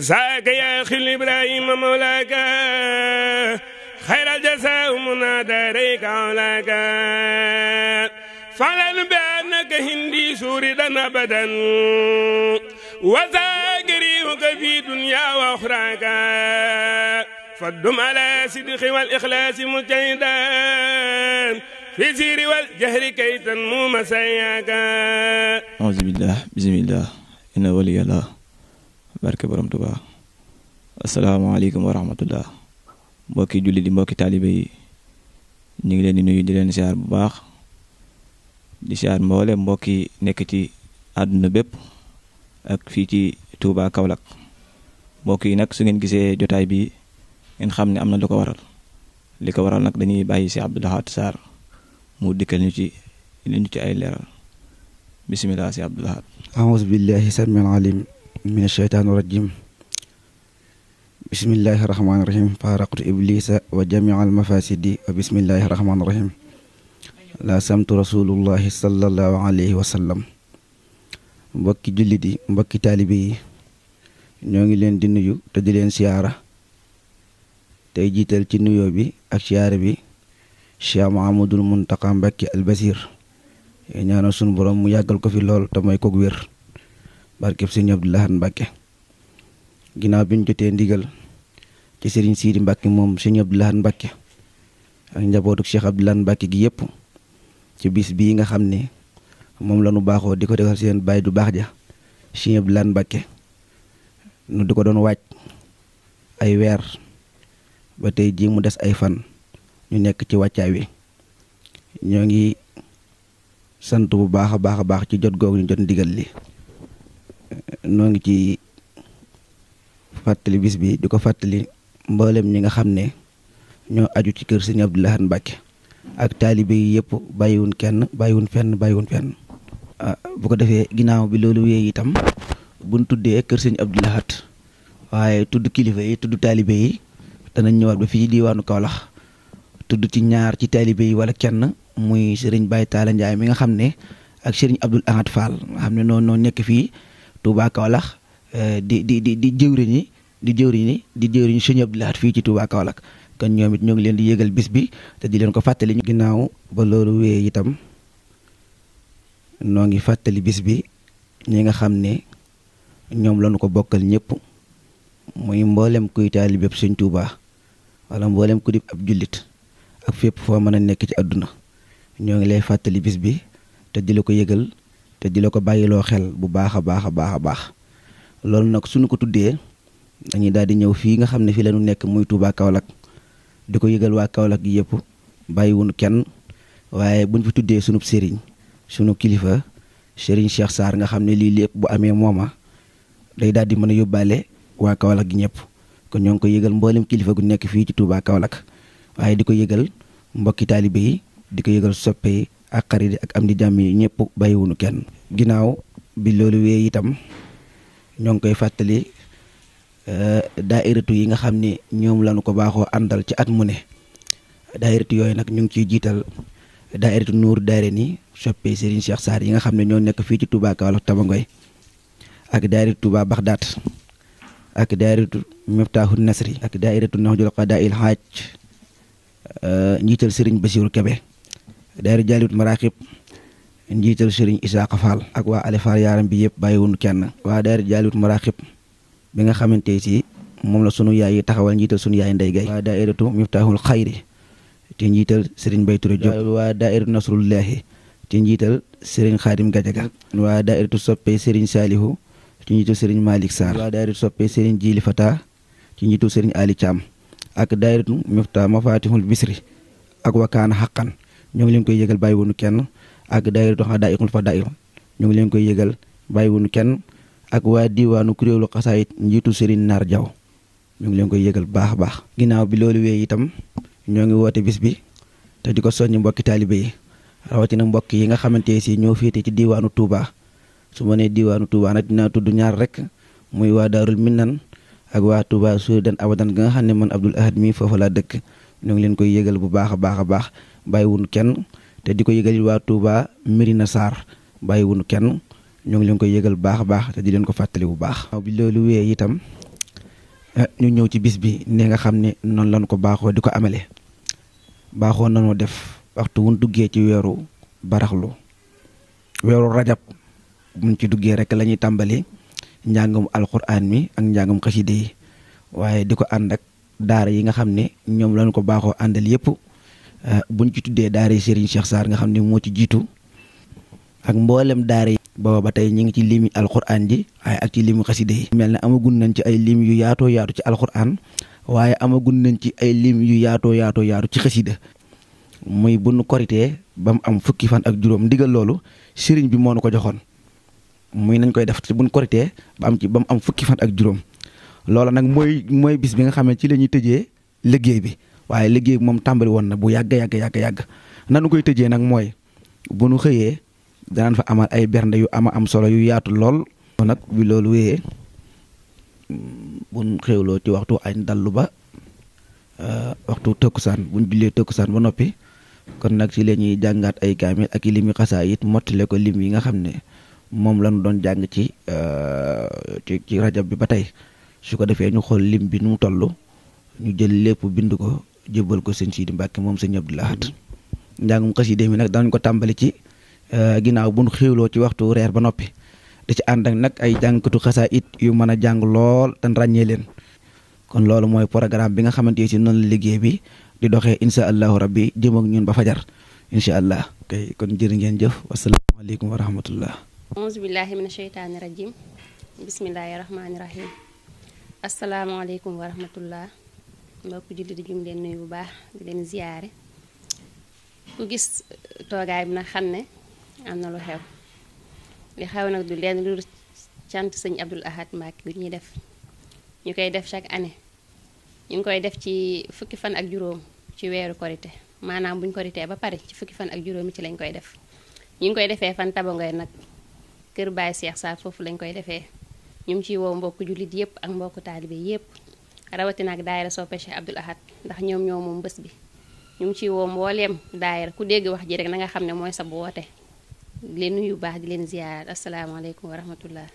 ساك يا خل إبراهيم مولاك خير الجزاء منادى ريك علاك فعلا بأنك هندي سوردا أبدا وذاكريك في دنيا وأخراك فالدم على صدق والإخلاص مجتهدا في سير والجهر كي تنمو مسياك أعوذ بالله بسم الله إن ولي الله barke borom Tuubaa asalaamaaleykum wa rahmatullah mbokki julli di mbokki taalibe yi ñu ngi leen di nuyu di leen siyaar bu baax di siyaar mboole mbokki nekk ci àdduna bépp ak fii ci Touba kawlak mbokk yi nag su ngeen gisee jotaay bi ngeen xam ne am na lu ko waral li ko waral nag dañuy bàyyi si Abdou Lahad Sarr mu dikkal ñu ci ci ay leeral bisimilah si Abdou Lahad. a'uuzu billaahi samiil aliim min asheytaani irajim bismillahi irahmaaniirahim faaraqtu iblisa wa jamia almafasidi wa bismillahi irahmaaniirahim la samtu rasulullahi sallallahu alayhi wa sallam mbokki jullit yi ñoo ngi leen di nuyu te di leen siyaara tey jiital ci nuyoo bi ak siyaare bi cheikh mahamadul muntaqa mbàkki albasir ñaanal sunu borom mu yàggal ko fi lool te may ko wér barkeb sëriñ Abdou Lahad Mbacke ginnaaw bi ñu jotee ndigal ci sëriñ Sidi Mbacke moom sëriñ Abdou Lahad Mbacke ak njabootu Cheikh Abdou Lahad Mbacke gi yëpp ci bis bii nga xam ni moom la nu baaxoo di ko degal seen bay du baax ja sëriñ Abdou Lahad Mbacke nu di ko doon waaj ay weer ba tey jii mu des ay fan ñu nekk ci wàccaay wi ñoo ngi sant bu baax a baax a baax ci jot googu ñu jot ndigal li noo ngi ci fàttali bis bi di ko fàttali mboolem ñi nga xam ne ñoo aju ci kër sëñ Abdou Lahad Mbacke ak taalibe yi yëpp bàyyiwun kenn bàyyiwun fenn bàyyiwun fenn. Ah, bu ko defee ginnaaw bi loolu wéy itam buñ tuddee kër sëñ Abdou Lahad waaye tudd kilifa yi tudd taalibe yi danañ ñëwaat ba fii diwaanu Kaolack tudd ci ñaar ci taalibe yi wala kenn muy sëriñ Baye Talla mi nga xam ne ak sëriñ Abdoul Ahad Fall nga xam ne noonu noo nekk fii. Touba Kaolack euh, di di di di jëwriñ di jëwriñ di jëwriñ suñu Abdou Lahad fii ci Touba Kaolack kon ñoom ñoo ngi leen di yëgal bis bi te di leen ko fàttali ñu ginnaaw ba loolu itam noo ngi fàttali bis bi ñi nga xam ne ñoom lañu ko bokkal ñëpp muy mboolem kuy bépp Sëñ Touba wala mboolem ku ab jullit ak fépp foo mën a nekk ci àdduna ñoo ngi lay fàttali bis bi te di la ko yëgal te di la ko bàyyiloo xel bu baax a baax a baax a baax loolu nag suñu ko tuddee dañuy daal di ñëw fii nga xam ne fii lañu nekk muy Touba Kaolack di ko yëgal waa kawlak gi yëpp bàyyiwuñu kenn waaye buñ fi tuddee sunub sëriñ sunu kilifa sëriñ Cheikh Sarr nga xam ne lii lépp bu amee mooma day daal di mën a yóbbaale waa Kaolack gi ñëpp kon ñoo ngi ko yëgal mboolem kilifa gu nekk fii ci Touba kawlak waaye di ko yëgal mbokki taalibe yi di ko yëgal soppe yi ak xarit yi ak am di jàmm yi ñëpp bàyyiwuñu kenn. ginnaaw bi loolu wee itam ñoo ngi koy fàttali euh, daairatu yi nga xam ne ñoom lanu ko baaxoo àndal ci at mu ne daairatu yooyu nag ñu ngi ciy jiital nuur Nuuru Daarayni soppe Serigne Cheikh Sarr yi nga xam ne ñoo nekk fii ci Touba Kaolack Tabangoy ak daairatu Touba Baxdaat ak daairatu Miftaahu Nasri ak daairatu Nahjul Qadaa'il Haaj euh, njiital ba Bassirou Kebe daayira jaalit maraqib njiital sëriñ Isaaka Fall ak waa Ale Fall yaaram bi yëpp bàyyiwunu kenn waa daayira jaalit maraqib bi nga xamante si moom la sunu yaay yi taxawal njiital sunu yaay ndey gay waa daairatu miftaahul xayri ci njiital sëriñ Bay Ture Jóob waa daairatu nasrullahi ci njiital sëriñ Xaadim Gajaga waa daairatu soppe sëriñ Saalihu ci njiital sëriñ Malick Sarr waa daairatu soppe sëriñ Jili Fata ci njiital sëriñ Ali Thiam ak daairatu mifta mafatihul bisri ak wakaana xaqan ñoo ngi leen koy yëgal bàyyi wunu kenn ak daayira doxa daa fa daa ñoo ngi leen koy yëgal bàyyi kenn ak waa diwaanu kuréelu xasaayit njiitu Serigne Naar Diaw ñoo ngi leen koy yëgal baax baax ginnaaw bi loolu wéy itam ñoo ngi woote bis bi te di ko soññi mbokki taalibe yi rawatina mbokk yi nga xamante si ñoo féete ci diwaanu Touba su ma nee diwaanu Touba nag dinaa tudd ñaar rek muy waa Daarul Minan ak waa Touba Soudan abadan ga nga xam ne man Abdoul Ahad mi foofu laa dëkk ñoo ngi leen koy yëgal bu baax a baax a baax bàyyiwuñu kenn te di ko yëgal waa Touba Mérina Sarr bàyyiwuñu kenn ñoo ngi leen koy yëgal baax a baax te di leen ko fàttali bu baax. bi loolu wéyee itam eh, ñu ñëw ci bis bi ne nga xam ne noonu lañ ko baaxoo di ko amele baaxoo nanoo def waxtu wuñ duggee ci weeru baraxlu weeru rajab buñ ci duggee rek lañuy ñuy tàmbali njàngum alquran mi ak njàngum xaside yi waaye di ko ànd ak daara yi nga xam ne ñoom lañ ko baaxoo àndal yëpp. Euh, bu ñu ci tuddee daara Serigne Cheikh saar nga xam ne moo ci jiitu ak mboolem daara yi. booba ba tey ñu ngi ci limi alquran ji waaye ak ci limu xaside yi. mel ne amagun nañ ci ay lim yu yaatoo yaatu ci alquran waaye amagun nañ ci ay lim yu yaatoo yaatoo yaatu ci xasida muy bu nu korité ba mu am fukki fan ak juróom ndigal loolu sëriñ bi moo nu ko joxoon muy nañ koy def te bu nu korité ba am ci ba mu am fukki fan ak juróom loola nag mooy mooy bis bi nga xam ci lañuy tëjee liggéey bi. waaye liggéey moom tàmbali woon na bu yàgg yàgg yàgg yàgg nanu koy tëjee nag mooy bu nu xëyee danaan fa amal ay bernde yu ama am solo yu yaatu lool. nag bi loolu wéyee buñ xéwloo ci waxtu añ dallu ba euh, waxtu tëkkusaan buñ jullee tëkkusaan ba noppi kon nag ci la ñuy jàngaat ay kaamil ak i limi xasaa it mottale ko lim yi nga xam ne moom lañu doon jàng ci euh, ci ci rajab bi ba tey su ko defee ñu xool lim bi nu mu toll ñu jël lépp bind ko jébbal ko sëñ Sidi Mbacke moom sëñ Abdou Lahad mhm. njàngum xasida mi nag danañ ko tàmbali ci euh, ginnaaw bu nu xiwloo ci waxtu reer ba noppi da ci ànd ak nag ay jàngkatu xasaa it yu mën a jàng lool te ràññee leen kon loolu mooy programme bi nga xamante si noonu la liggéey bi di doxee incha allahu rabbi jëm ak ñun ba fajar incha allah kay kon jërë ngeen jëf wasalaamaaleykum wa rahmatullah auzu billahi mina sheytaani rajim bismillahi mbokk jullit ñu ngi leen nuyu bu baax di leen ziyaare ku gis uh, toogaay bi nag xam ne am na lu xew li xew nag du leen lu cant sëñ Abdul Ahad Mbacké bi ñuy def ñu koy def chaque année ñu ngi koy def ci fukki fan ak juróom ci weeru korite maanaam buñ ñu koritee ba pare ci fukki fan ak juróomi ci lañ koy def ñu ngi koy defee fan tabangoy nag kër Baye Cheikh Sarr foofu lañ koy defee ñu ngi ciy woo mbokk jullit yépp ak mbokk taalibe yépp rawatina ak daayira soppe Cheikh Abdoul Ahad ndax ñoom ñoo moom bés bi ñu ngi ciy woo mbooleem daayira ku dégg wax ji rek na nga xam ne mooy sa bu woote di leen nuyu baax di leen ziyaar asalaamaaleykum wa rahmatullah